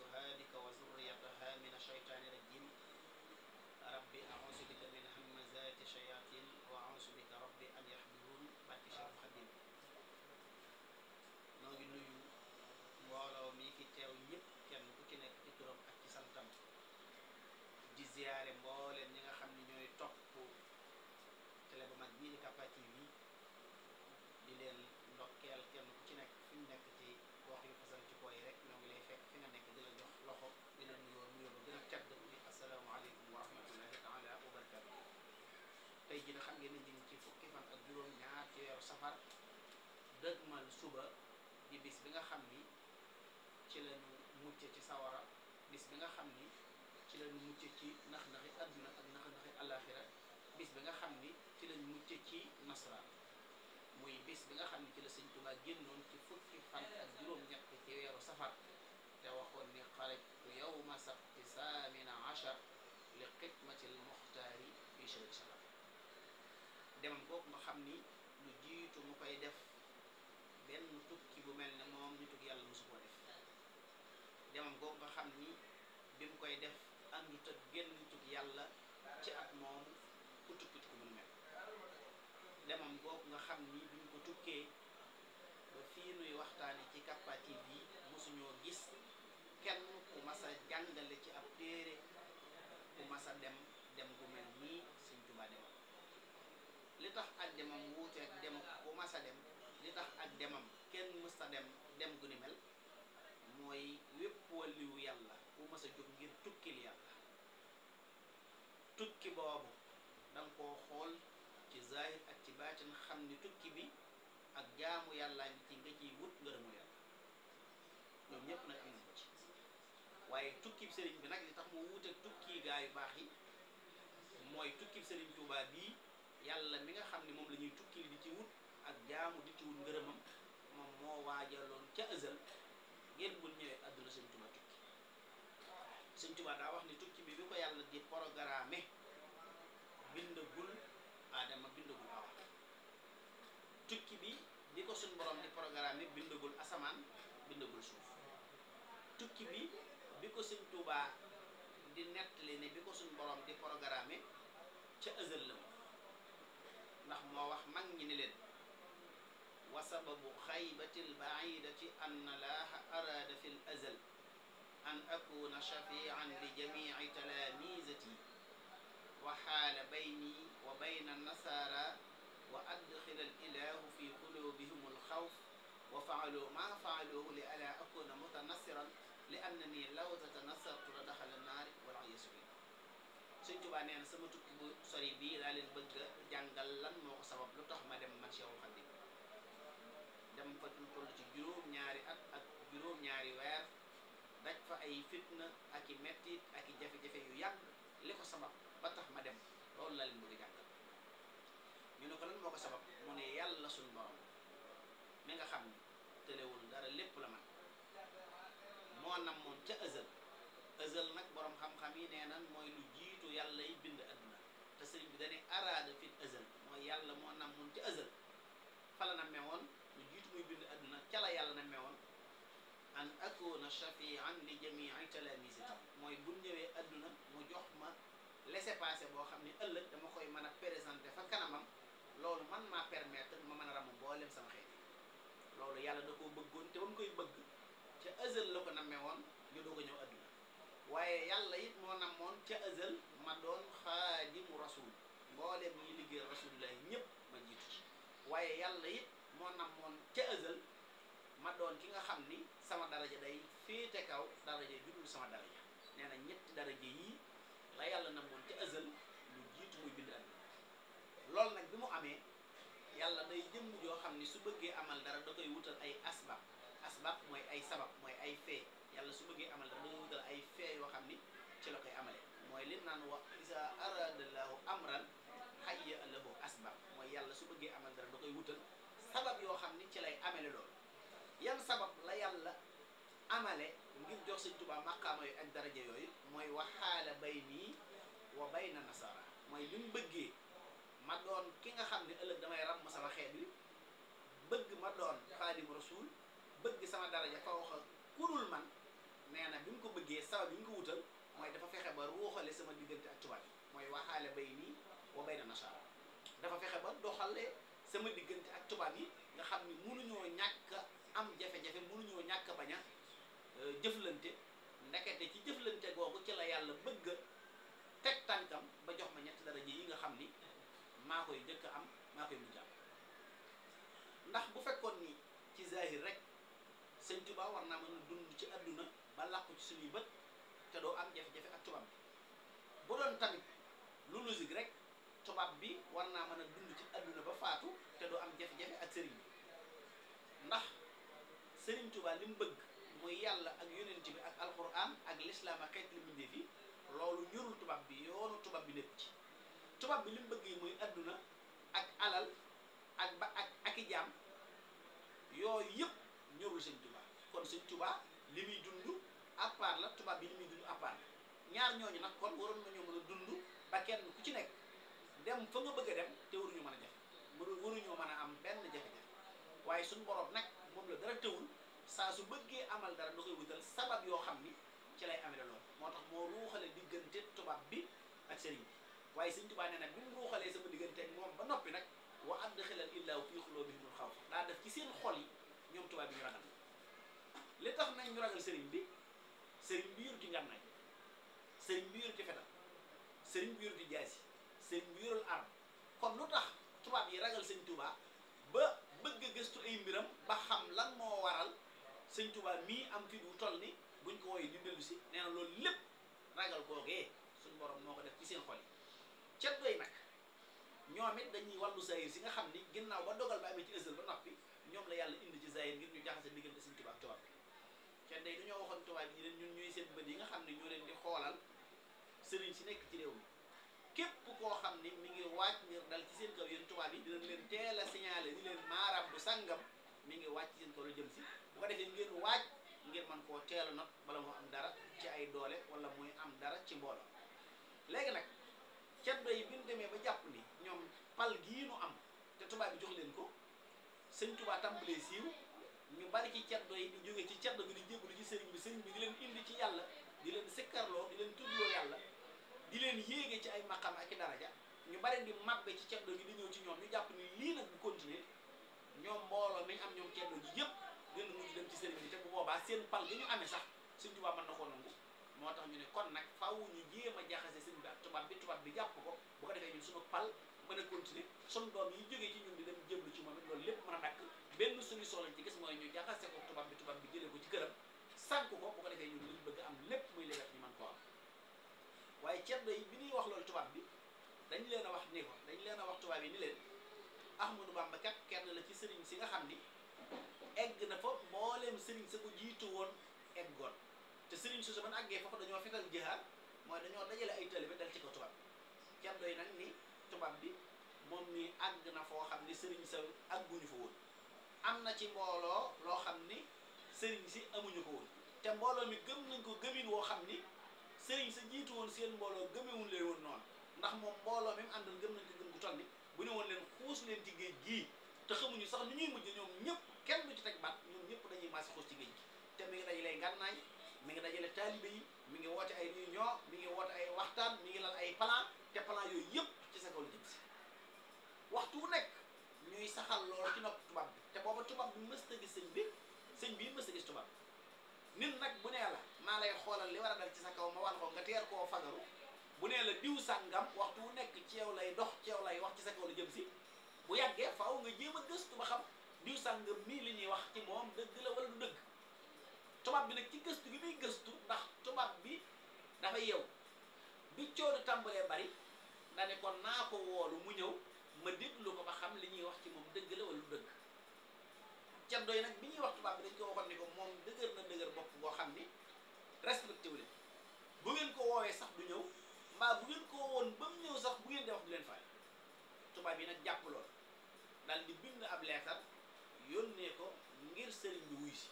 وسهادك وذريتها من الشيطان الرجيم رب أعوذ بك من همزات الشياطين وأعوذ بك رب أن يحضرون barke Cheikh Khadim noo ngi nuyu mbooloo mi fi teew ñëpp kenn ku ci nekk ci turam ak ci santam di ziyaare safar suba bis bi nga xam ni ci lañu mucc ci sawara bis bi nga xam ni ci lañu mucc ci nax-naxi adduna ak nax-naxi àllaaxira bis bi nga xam ni ci lañu mucc ci nasraan muy bis bi nga xam ni ci la sëñ Tuubaa génnoon ci fukki fan ak juróom-ñett ci weeru safar te waxoon ni xarajtu yawma sabti saamina achar li xidmatil muxtaari fi shahri safar demam kooku nga xam ni koy def benn tukki bu mel ni moom ñu tukki yàlla mosu koo def demam googu nga xam ni bi mu koy def ak ñu tëdd tukki yàlla ci at moom ku tukki tukki bu mel demam googu nga xam ni bi mu ko tukkee ba fii nuy waxtaane ci Capa TV bi mosuñoo gis kenn ku mas a jàngale ci ab téere ku mas dem dem gu mel nii Sëñ Tuubaa demal li tax ak demam wuuteeg dem mësta dem li tax ak demam kenn mësta dem dem gu ni mel mooy wépp wàlliwu yàlla bu mës a jóg ngir tukkil yàlla tukki boobu danga koo xool ci zahir ak ci baatin xam ni tukki bi ak jaamu yàlla ngi ci nga ciy wut ngërëmul yàlla ñoom ñépp nag am nañ ko ci waaye sëriñ bi nag li tax mu wuute tukki gaa yu baax yi mooy tukkib sëriñ Tuubaa bii yàlla mi nga xam ne moom la ñuy tukkil di ci wut jaamu di tiwul ngërëmam moom moo waajaloon ca ësal ngeen mun ñëwee àdduna sëñ Tuubaa tukki sëñ Tuubaa daa wax ni tukki bi bi ko yàlla di programme bindagul aadama bindagul awa bi bi di programme bindagul asamaan bindagul suuf tukki bi bi ko sëñ Tuubaa di nettali ne bi ko suñ borom di programme ca ësal la ndax moo wax mag ñi ne leen وسبب خيبة البعيدة أن الله أراد في الأزل أن أكون شفيعا لجميع تلاميذتي وحال بيني وبين النصارى وأدخل الإله في قلوبهم الخوف وفعلوا ما فعلوه لألا أكون متنصرا لأنني لو تتنصرت لدخل النار والعياذ بي Sëñ Tuubaa nee na sama tukki bu sori bii laa leen bëgg juróom ñaari at ak juróom ñaari weer daj fa ay fitna ak metti ak jafé jafe yu yag liko sabab ba tax ma dem loolu la leen bëgg jàngal ñu ne ko lan moko sabab mo ne yalla sun borom mi nga xam ne tëlewul dara lepp la man mo nam moon ca azal, ëzël nak borom xam-xam yi nee moy lu jitu yalla yi bind aduna te serigne bi dañe arada fi ëzël mooy yalla mo nam moon ca ëzël fala na lu jitu muy bind ca la yàlla na mewoon an akuna shafian li jamii talamisati mooy bu ñëwee adduna mu jox ma laissez-passer boo xam ne ëllëg dama koy mën a présenter fa kanamam loolu man maa permettre ma mën a ramu mboolem sama xeet loolu yàlla da koo bëggoon te ba mu koy bëgg ca ëzël la ko nammee woon ñu doog a ñëw adduna waaye yàlla it moo namoon ca ëzël ma doon xaadimu rasul mboolem ñuy liggéey rasulillahi ñëpp ma jiitu waaye yàlla it moo namoon ca ëzël ma doon ki nga xam ni sama daraja day féete kaw daraja ju dul sama daraja nee na ñetti daraja yii la yàlla na moon ca azal lu jiitu muy bind àdduna loolu nag bi mu amee yàlla day jëmm yoo xam ni su bëggee amal dara da koy wutal ay asbab mooy ay sabab mooy ay fee yàlla su bëggee amal dara yoo xam ni ci la koy amale mooy li naan wax isa aradallahu amran hayya lahu asbab mooy yàlla su bëggee amal dara da koy wutal sabab yoo xam ni ci lay amale loolu amale ngir jox seigne touba makama yu ak daraja yoy moy wahala bay wa bayna nasara moy li madon ma doon ki nga xam ne damay ram ma sama xeet bëgg ma doon khadim rasul bëgg sama daraja fa wax naya kurul man nee na ko bëggé sa bi ko wutal moy dafa fexé ba ruuxale sama digënté ak touba moy mooy waxaale wa bayna nasara dafa fexé ba doxale sama digënté ak touba yi nga xamni mënu ñoo ñak am jafé mënu ñoo ñak baña Euh, jëflante ndekete ci jëflante googu ci la yàlla bëgg teg tànkam ba jox ma ñetti daraja yi nga xam ni maa koy dëkk am maa koy mujj ndax bu fekkoon ni ci zahir rek sëñ Tuubaa war naa mën a dund ci àdduna ba làqu ci suñuy bët te doo am jafe-jafe ak tubaab bi bu doon tamit lu logique rek tubaab bi war naa mën a dund ci àdduna ba faatu te doo am jafe-jafe ak sëriñ bi ndax sëriñ Tuubaa li mu bëgg muy yàlla ak yonent bi ak alquran ak lislaam ak xeet li bindee fi loolu ñurul tubaab bi yoonu tubaab bi nekk ci tubaab bi li mu bëgg muy adduna ak alal ak ba ak ak i jaam yooyu yëpp ñurul sëñ tubaa kon sëñ tubaa li muy dund à part la tubaab bi li muy dund à part la ñaar ñooñu nag kon waroon nañoo mën a ba kenn ku ci nekk dem fa nga bëgg dem te waruñu mën a jafe mënu waruñoo mën a am benn jafe-jafe waaye suñu borom nag moom la dara tëwul saa su bëggee amal dara da koy wutal sabab yoo xam ni ci lay amee loolu moo tax moo ruuxale diggante tubaab bi ak sëriñ bi waaye sëñ Tuubaa nee nag bi mu ruuxalee sama diggante ak moom ba noppi nag wa adxilal illaahu fii quluubihimul xawf daa def ci seen xol yi ñoom tubaab bi ñu ragal li tax nañ ñu ragal sëriñ bi sëriñ bi yor ci ngànnaay sëriñ bi yor ci fetal sëriñ bi yor ci jaasi sëriñ bi yorul arme kon lu tax tubaab yi ragal sëñ Tuubaa ba bëgg a gëstu ay mbiram ba xam lan moo waral sëñ Tuubaa mii am kii du toll ni buñ ko wooyee ñu dellu si nee na loolu lépp ragal googee suñ borom moo ko def ci seen xol yi cet doy nag it dañuy wàllu zahir si nga xam ni ginnaaw ba dogal ba amee ci ba noppi ñoom la yàlla indi ci zahir ngir ñu jaxase diggante sëñ Tuubaa tubaab bi cet dañoo waxoon tubaab yi leen ñun ñuy seen bët yi nga xam ne ñoo leen di xoolal sëriñ si nekk ci réew mi képp koo xam ni mi ngi wàcc ngir dal ci seen kaw yéen tubaab yi dinañ leen teel a signalé leen maaraam bu sàngam mi ngi wàcc seen kaw la jëm si bu ko defee ngeen waaj ngir mën koo teelu nag bala moo am dara ci ay doole wala muy am dara ci mbooloo léegi nag ceddo yi bi ñu demee ba jàpp ni ñoom pal gii nu am te tubaab jox leen ko sëñ tubaa tàmbalee siiw ñu bari ci ceddo yi di jógee ci ceddo gi di jébbalu ci sëriñ bi bi di leen indi ci yàlla di leen sikkarloo di leen tuddloo yàlla di leen yéege ci ay maqam ak i daraja ñu bari di màbbe ci ceddo gi di ñëw ci ñoom ñu jàpp ni lii nag bu continuer ñoom mbooloo mi am ñoom ceddo ji yëpp gën a mujj dem ci sëriñ bi te bu boobaa seen pal gi ñu amee sax suñ tubaab mën na koo nangu moo tax ñu ne kon nag faaw ñu jéem a jaxase sëriñ bi ak tubaab bi tubaab bi jàpp ko bu ko defee ñun suñu pal mën a continuer suñu doom yi jógee ci ñun di dem jéblu ci moom it loolu lépp mën a dakk benn suñu soxla ci gis mooy ñu jaxase ko tubaab ko ko bu ko bëgg am lépp muy lewet ñu mën ko am waaye ceddo yi bi ñuy wax loolu tubaab bi dañ leen a wax ni ko dañ leen a wax tubaab yi ni leen Ahmadou Bamba kat kenn la ci sëriñ si nga xam ni egg na fa mbooleem sëriñ sa ko jiitu woon eggoon te sëriñ su man àggee foofu dañoo fetal jihaar mooy dañoo dajale ay taalibe dal ci ko tubaab kenn doy nag ni tubaab bi moom mi àgg na foo xam ni sëriñ sa àgguñu fa woon am na ci mbooloo loo xam ni sëriñ si amuñu ko woon te mbooloo mi gëm nañ ko gëmin woo xam ni sëriñ sa jiitu woon seen mbooloo gëmewuñ leen woon noonu ndax moom mbooloo mi mu àndal gëm nañ ko gëm gu toll bu ne woon leen xuus leen ci géej gii te xamuñu sax ni ñuy mujj ñoom ñëpp kenn du ci teg baat ñoom ñëpp dañuy maasi xuus ci géej gi te mi ngi dajale ngànnaay mi ngi dajale taalibe yi mi ngi woote ay réunion mi ngi woote ay waxtaan mi ngi lal ay plan te plan yooyu yëpp ci sa kaw la jëm si waxtu wu nekk ñuy saxal loolu ci nopp tubaab bi te booba tubaab bi mës a gis sëñ bi sëñ bi mës a gis tubaab nit nag bu nee la maa lay xoolal li war a dal ci sa kaw ma wan ko nga teer koo fagaru bu nee la diw sàngam waxtu wu nekk ci yow lay dox ci yow wax ci sa kaw la si bu yàggee faaw nga jéem a gëstu ba xam diw nga mii li ñuy wax ci moom dëgg la wala du dëgg tubaab bi nag ci gëstu gi muy gëstu ndax tubaab bi dafa yew bi coono tàmbalee bari da ne kon naa ko woolu mu ñëw ma déglu ko ba xam li ñuy wax ci moom dëgg la wala du dëgg ceddo yi nag bi ñuy wax tubaab bi dañ ko waxoon ni ko moom dëgër na dëgër bopp boo xam ni respecté wu leen bu ngeen ko woowee sax du ñëw mbaa bu ngeen ko woon ba mu ñëw sax bu ngeen di wax du leen fay tubaab yi nag jàpp lool di bind ab leetar yónnee ko ngir sëriñ bi wuy si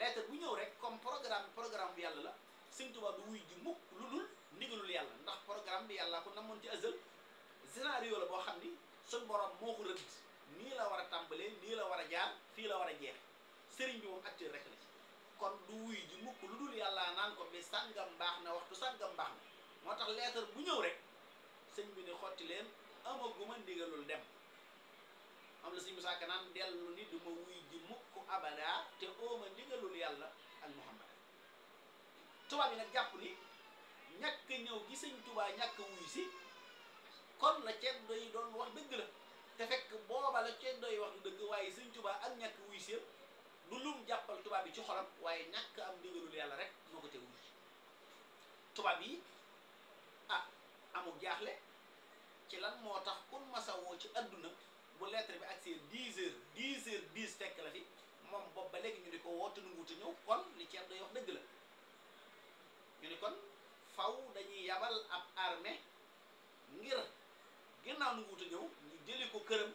lettre bu ñëw rek comme programme programme bi yàlla la Sëriñ Tuubaa du wuy ji mukk lu dul ndigalul yàlla ndax programme bi yàlla ko namoon ci azal scénario la boo xam ni suñ borom moo ko rëdd nii la war a tàmbalee nii la war a jaar fii la war a jeex sëriñ bi moom acteur kon du wuy ji mukk lu dul yàlla naan ko bi sàngam baax na waxtu sàngam baax na moo tax lettre bu ñëw rek sëñ bi ni xotti leen amaguma ndigalul dem am la si musaaka naan dellu ni du ma wuy ji mukk abada te ooma ndigalul yàlla ak muhammad tubaab yi nag jàpp ni ñàkk ñëw gi sëñ tubaa ñàkk wuy si kon la ceddo yi doon wax dëgg la te fekk booba la ceddo yi wax du dëgg waaye sëñ tubaa ak ñàkk wuy si du lum jàppal tubaab yi ci xolam waaye ñàkk am ndigalul yàlla rek moo ko te wuy tubaab yi ah amul jaaxle ci lan moo tax kun masawoo ci àdduna bu lettre bi agsee 10 heures 10 heures 10 fekk la fi moom boobu ba léegi ñu di ko woote nu nguuta ñëw kon li ceeb day wax dëgg la ñu ni kon faw dañuy yabal ab arme ngir ginnaaw nu nguuta ñëw ñu jëli ko këram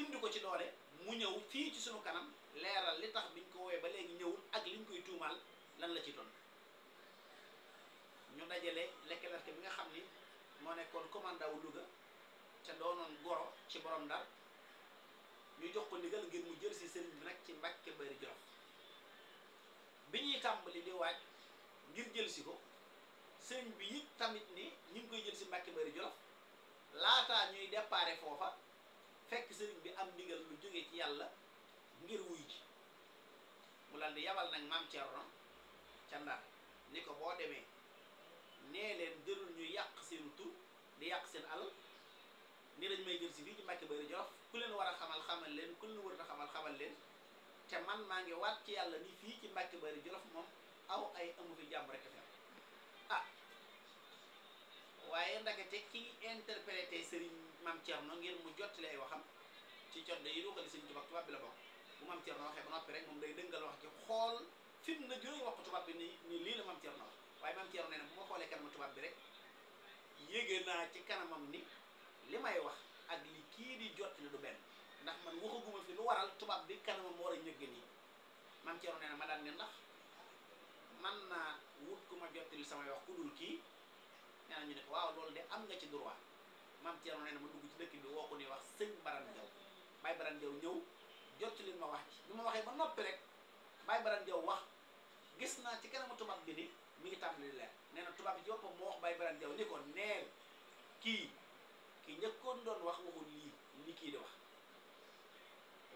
indi ko ci doole mu ñëw fii ci sunu kanam leeral li tax biñ ko woowee ba léegi ñëwul ak liñ koy tuumaal lan la ci doon ñu dajale lekk-lekk bi nga xam ni moo nekkoon commandant wu Louga te doonoon goro ci boroom ndar ñu jox ko ndigal ngir mu jël si sëriñ bi nag ci Mbàkke Bari Jolof bi ñuy tàmbali di waaj ngir jël si ko sëriñ bi it tamit ni ñu ngi koy jël si Mbàkke Bari Jolof laata ñuy déparé foofa fekk sëriñ bi am ndigal lu jóge ci yàlla ngir wuy ji mu lal di yabal nag maam Cerno ca Ndar ni ko boo demee nee leen jërul ñu yàq seen tur di yàq seen alal nii lañ ma jël si fii ci Mbàkke Bari Jolof ku leen war a xamal xamal leen ku leen war a xamal xamal leen te man maa ngi waat ci yàlla ni fii ci Mbàkke Bari Jolof moom aw ay amu fi jàmm rek fa ah waaye ndagate ki sëriñ Serigne Mame Thierno ngeen mu jottali ay waxam ci cot day ruuxali Serigne tubaab tubaab bi la bokk bu Mame Thierno waxee ba noppi rek moom day dëngal wax ci xool fi mu na juróoy wax tubaab bi ni ni lii la Mame Thierno wax waaye Mame Thierno nee na bu ma xoolee kan ma bi rek yéege naa ci kanamam ni limay wax ak li ki di jot li du ndax man waxaguma fi lu waral tubab bi kanamam mo wara ñëgg ni man ci nee na ma daan ne ndax man na wut ko ma jottali sama wax ku dul ki ñaan ñu ne ko waaw loolu de am nga ci droit man ci nee ma dugg ci dëkk bi waxu ni wax señ Baran Jaw bay Baran Jaw ñëw jottali ma wax ci bi waxe ba noppi rek bay Baran Jaw wax gis na ci kanamu tubab bi ni mi ngi tambali leer neena tubab bi ci wax bay Baran Jaw ni ko neel kii ki ñëkkoon doon wax waxul lii li kii di wax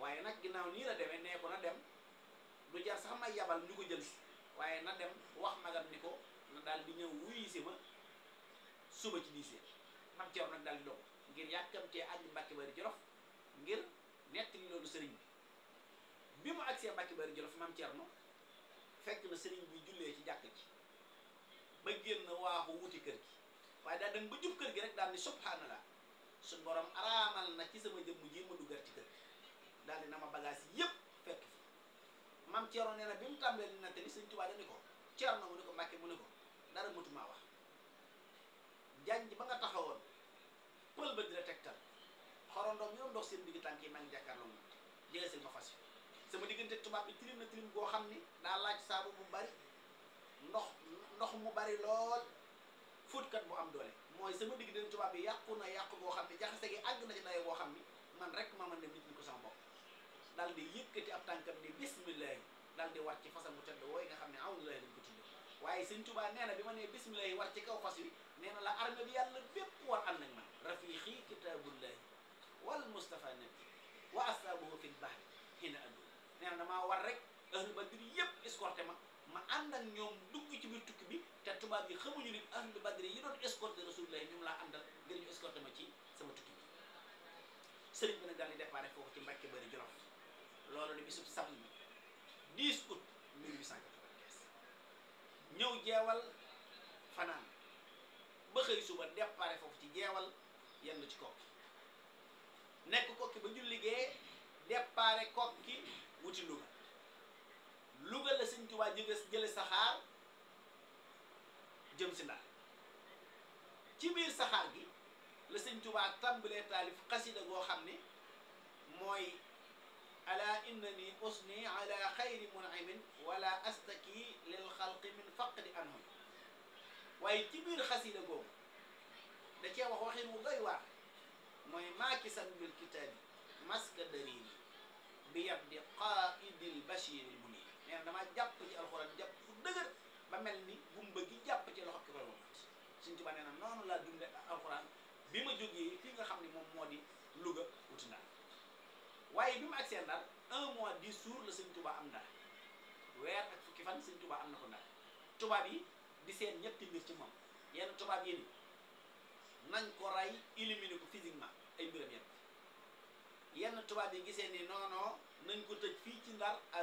waaye nag ginnaaw nii la demee nee ko na dem du jar sax may yabal ñu ko jël si waaye na dem wax magam ni ko na daal di ñëw wuyu ma suba ci diise mam ceer nag daal di dogu ngir yàkkamtee ak Mbàkke Bari Jolof ngir nett li loolu sëriñ bi bi mu agsee Mbàkke Bari Jolof mam Cerno fekk na sëriñ bi jullee ci jàkk ji ba génn waaxu wuti kër gi waaye daal da nga kër gi rek daal ni laa suñ borom aramal na ci sama jëm ji mu duggal ci kër dal dina ma bagage yépp fekk fi mam Thierno nee na bi mu tàmbalee li nante ni sëñ Tuubaa dani ko Thierno mu ne ko Mbàkke mu ne ko dara mëtumaa wax janj ba nga taxawon pël ba dina la tegtal xorondoom yoon dox seen digi tanki yi maa mu jël seen ma fas sama digënté tuba bi tilim na tilim go xamni da laaj saabu bu bari ndox ndox mu bari lool foot kat bu am doole moy sama digënté tuba bi yaquna na daal di yëkkati ab tànkam ni bismillahi daal di war ci fasam bu tedd wooy nga xam ne awdullahi lañ ko tudde waaye sëñ Tuubaa nee na bi ma nee bismillahi ci kaw fas nee na la arme bi yàlla bépp war ànd ak man rafiqi kitabullahi wal wa asaabuhu fil bahri hina na damaa war rek ahlu yëpp escorté ma ma ànd ak ñoom dugg ci biir bi te tubaab yi xamuñu ni ahlu badri yi doon escorté rasulullahi ñoom laa àndal ngir ñu escorté ma ci sama tukki bi sëriñ bi nag daal di déparé foofu ci Mbàkke Bari Jolof loolu la bisub samedi 10 août 1895 ñëw jeewal fanaan ba xëy suba déparé foofu ci jeewal yenn ci kokki nekk kokki ba ñu liggéey déparé kokki wuti Louga Louga la Sëñ Tuubaa jële saxaar jëm si Ndar ci biir saxaar gi la Sëñ Tuubaa tàmbalee taalif xasida goo xam ne mooy ala innani usni ala xayri mun'imin wala astaki lil xalqi min faqdi anhum waaye ci biir xasida googu da cee wax waxin wu doy waar mooy maakisan bil kitaabi maska darini bi yabdi qaidil jàpp ci alxuraan jàpp fu dëgër ba mel ni gumba gi jàpp ci loxo ki bi ma jógee fii nga xam ni moom moo di Louga wuti waaye bi mu agsee ndar un mois dix jours la sëñ Touba am ndar weer ak fukki fan sëñ Touba am na ko ndar tubaab yi di seen ñetti mbir ci moom yenn tubaab yi ni nañ ko rey éliminer ko physiquement ay mbiram yenn yenn tubaab yi gisee ni non nañ ko tëj fii ci ndar à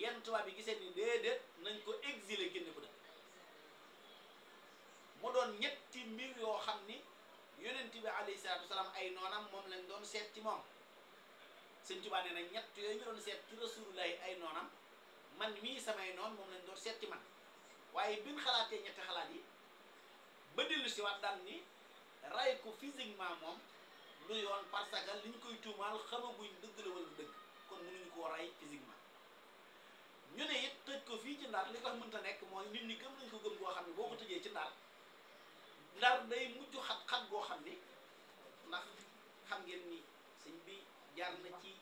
yenn tubaab yi gisee ni déedéet nañ ko exiler génne ko dëkk mu doon ñetti mbir yoo xam ni yonent bi alayhi salaatu wasalaam ay noonam moom lañ doon seet ci moom sëñ Tuubaa nee na ñett yooyu ñu doon seet ci rasulullahi ay noonam man mii samay noon moom lañ doon seet ci man waaye bin xalaatee ñetti xalaat yi ba dellu si waat daan ni ray ko physiquement moom lu yoon parce que liñ koy tuumaal xamaguñ dëgg la wala dëgg kon mënuñu koo ray physiquement ñu ne it tëj ko fii ci ndar li ko mënta nekk mooy nit ñi gëm nañ ko gëm goo xam ne boo ko tëjee ci ndar ndar day mujj xat-xat goo xam ne ndax xam ngeen nii sëñ bi jaar na ci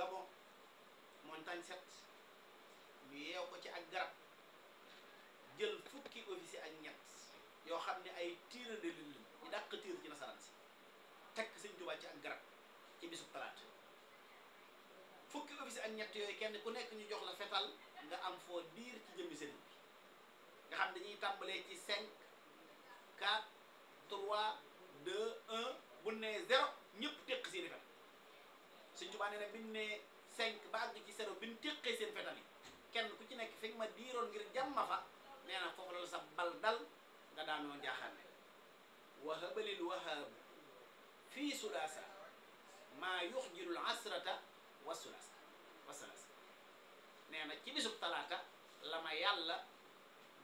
gabon montagne set ñu yew ko ci ak garab jël fukki officier ak ñet yo xamni ay tire de lune ñu dàq tire ci nasaran si tek seigne touba ci ak garab ci bisu plat fukki officier ak ñet yoy kenn ku nekk ñu jox la fetal nga am fo dir ci jëmmi sëriñ nga xam dañuy tambalé ci 5 4 3 2 1 bu ne 0 ñëpp tek seeni fetal Sëñ Tuubaa nee na biñ ne ba àgg ci zéro biñ téqee seen fetal kenn ku ci nekk fi ma diiroon ngir jàmm fa nee na foofu la sa bal dal nga daanoo njaaxaane wahabalil wahaabu fii sulaasa maa yuxjilul asrata wa sulaasa wa sulaasa ci bisu talaata la ma yàlla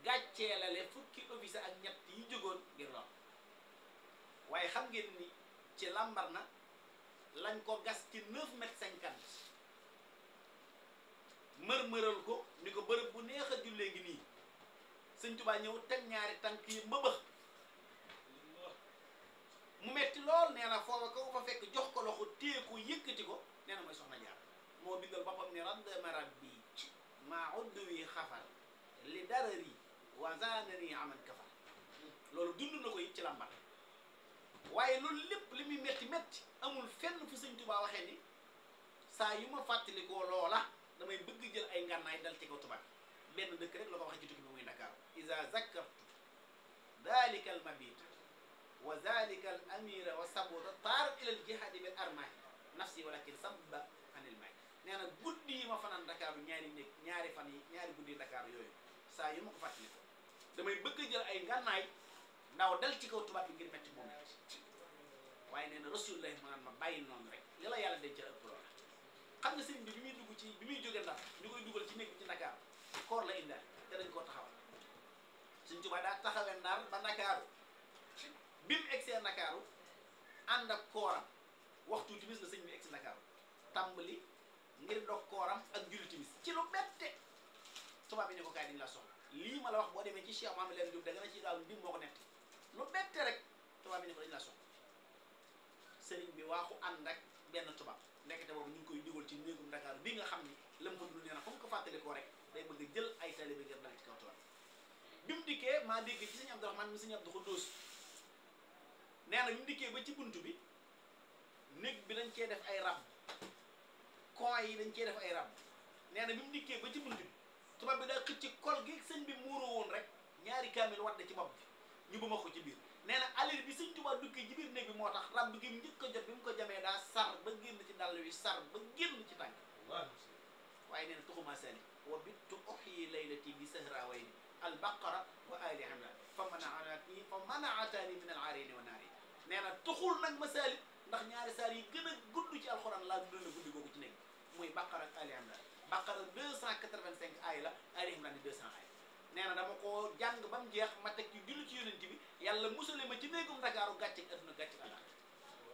gàcceelale fukki office ak ñett yi jógoon ngir lool waaye xam ngeen ni ci làmbar lañ ko gas ci neuf mètres cinquante mër-mëral ko ni ko bërëb bu neex a jullee ngi nii sëñ Tuubaa ñëw teg ñaari tànk yi mëbëx mu metti lool nee na foofa ko fa fekk jox ko loxo téye ko yëkkati ko nee na mooy soxna jaar moo bindal boppam ne raddama rabbi maa udwi xafar li darari wa zanani aman kafar loolu dund na ko it ci làmbar waaye loolu lépp li muy metti metti amul fenn fu sëñ Tuubaa waxee ni saa yu ma fàttalikoo loola damay bëgg jël ay ngànnaay dal ci kaw tubaab benn dëkk ci tukki bi muy Dakar iza zakartu dalika al mabita wa dalika al amira nee na guddi ma fanaan Dakar ñaari nekk ñaari fan yi ñaari guddi Dakar yooyu saa yu ma ko fàttalikoo damay bëgg jël ay ngànnaay ndaw dal ci kaw tubaab bi ngir métti moom waaye nee na rasulullah mu naan ma bàyyi noonu rek li la yàlla dencal ëpp loola xam nga sëriñ bi bi muy dugg ci bi muy jóge Ndar ñu koy dugal ci néeg bi ci Dakar koor la indaal te dañ koo taxawal suñ Tuubaa daa taxawee Ndar ba Ndakaaru bi mu ànd ak kooram waxtu timis la sëñ bi ex Ndakaaru tàmbali ngir dog kooram ak julli timis ci lu bette tubaab bi ne ko kaay dañ la soxla lii ma la wax boo demee ci Cheikh Mamadou Lamine Diouf da nga na ci daal ndim moo ko nett lu bette rek tubaab bi ne ko dañ la soxla sëriñ bi waaxu ànd ak benn tubaab ndekete boobu ñu ngi koy dugal ci néegum Dakar bii nga xam ni la mën lu nee na fu mu ko fàttalikoo rek day bëgg a jël ay taalibe ngir dal ci kaw tubaab bi mu dikkee maa dégg ci sëñ Abdourahmane mi sëñ Abdou Khoudous nee na ñu dikkee ba ci bunt bi néeg bi dañ cee def ay rab coin yi dañ cee def ay rab nee na bi mu ba ci bunt bi tubaab bi daa xëcc ci kol gi sëñ bi muuroo woon rek ñaari kaamil wadde ci bopp bi ñu bëma ko ci biir nee na alir bi sëñ Tuubaa duggee ci néeg bi moo tax rab bi ngeen njëkk ko jot bi mu ko jamee daa sar ba génn ci dàll wi sar ba génn ci tànk waaye nee na wa bittu oxyi laylati bi sahra wayni albaqara wa ali imran fa manaatani fa manaatani min al aarini wa naari na tuxul nag ma saali ndax ñaari saar yi gën a gudd ci alxuraan laa dund na guddi googu ci néeg muy baqara ak ali imran baqara 285 aay la ali imran 200 aay nee na dama koo jàng ba mu jeex ma teg yu julli ci yonent bi yàlla musale ma ci néegum ndakaaru gàcce adduna gàcce alax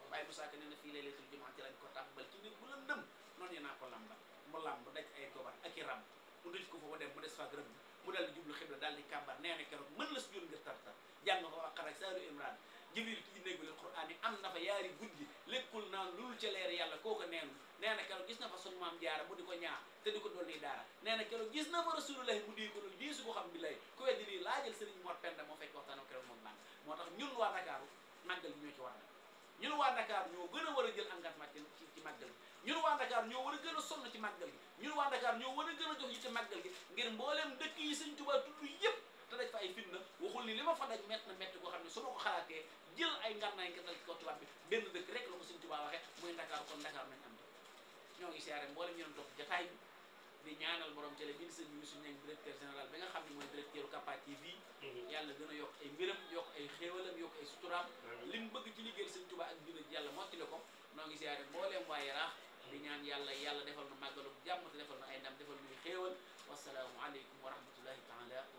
waaye Moussa Ka nee na fii laylatul jumaati lañ ko tàmbal ci néeg bu lëndëm noonu naa ko làmbal mu làmb daj ay gobar ak i ko foofu dem mu des faak di jublu xibla daal mën la su jur ngir tartar jàng ko waqar ak saaru imran jibril ci néeg bi am na fa yaari guddi lekkul naan lulu ca leer yàlla kooku neenu nee na keroog gis na fa sun jaara mu di ko ñaax te di ko dolli daara nee na keroog gis ko loolu dii su ko xam bi lay ku weddi lii laajal moo tax ñun waa Ndakaaru màggal bi ñoo ci war a ñun waa Ndakaar ñoo gën a war a jël engagement ci ci màggal gi ñun waa ñoo war a gën a sonn ci màggal gi ñun waa Ndakaar ñoo war a gën a jox yitte màggal gi ngir mbooleem dëkk yi Sëñ Tuubaa tudd yëpp te daj ay fitna waxul ni li ma fa daj mett na metti koo xam ne su ma ko xalaatee jël ay ngànnaay ngir dal ci kaw tubaab bi benn dëkk rek la ko Sëñ Tuubaa waxee muy Ndakaar kon Ndakaar nañ am ñoo ngi seere mbooleem ñu doon topp jataay bi di ñaanal borom télé bi sëñ Youssou Niang directeur général bi nga xam ne mooy directeur Capa TV mhm. yàlla gën a yokk ay mbiram yokk ay xéewalam yokk ay suturaam mhm. li mu bëgg ci liggéeyal sëñ tubaa ak dina yàlla moo mottali ko noo ngi siyaare mbooleem waa Yaraax di mhm. ñaan yàlla yàlla defal nu màggalu jàmm te defal nu ay ndam defal nuy xéewal wasalaamu aleykum wa rahmatullahi taala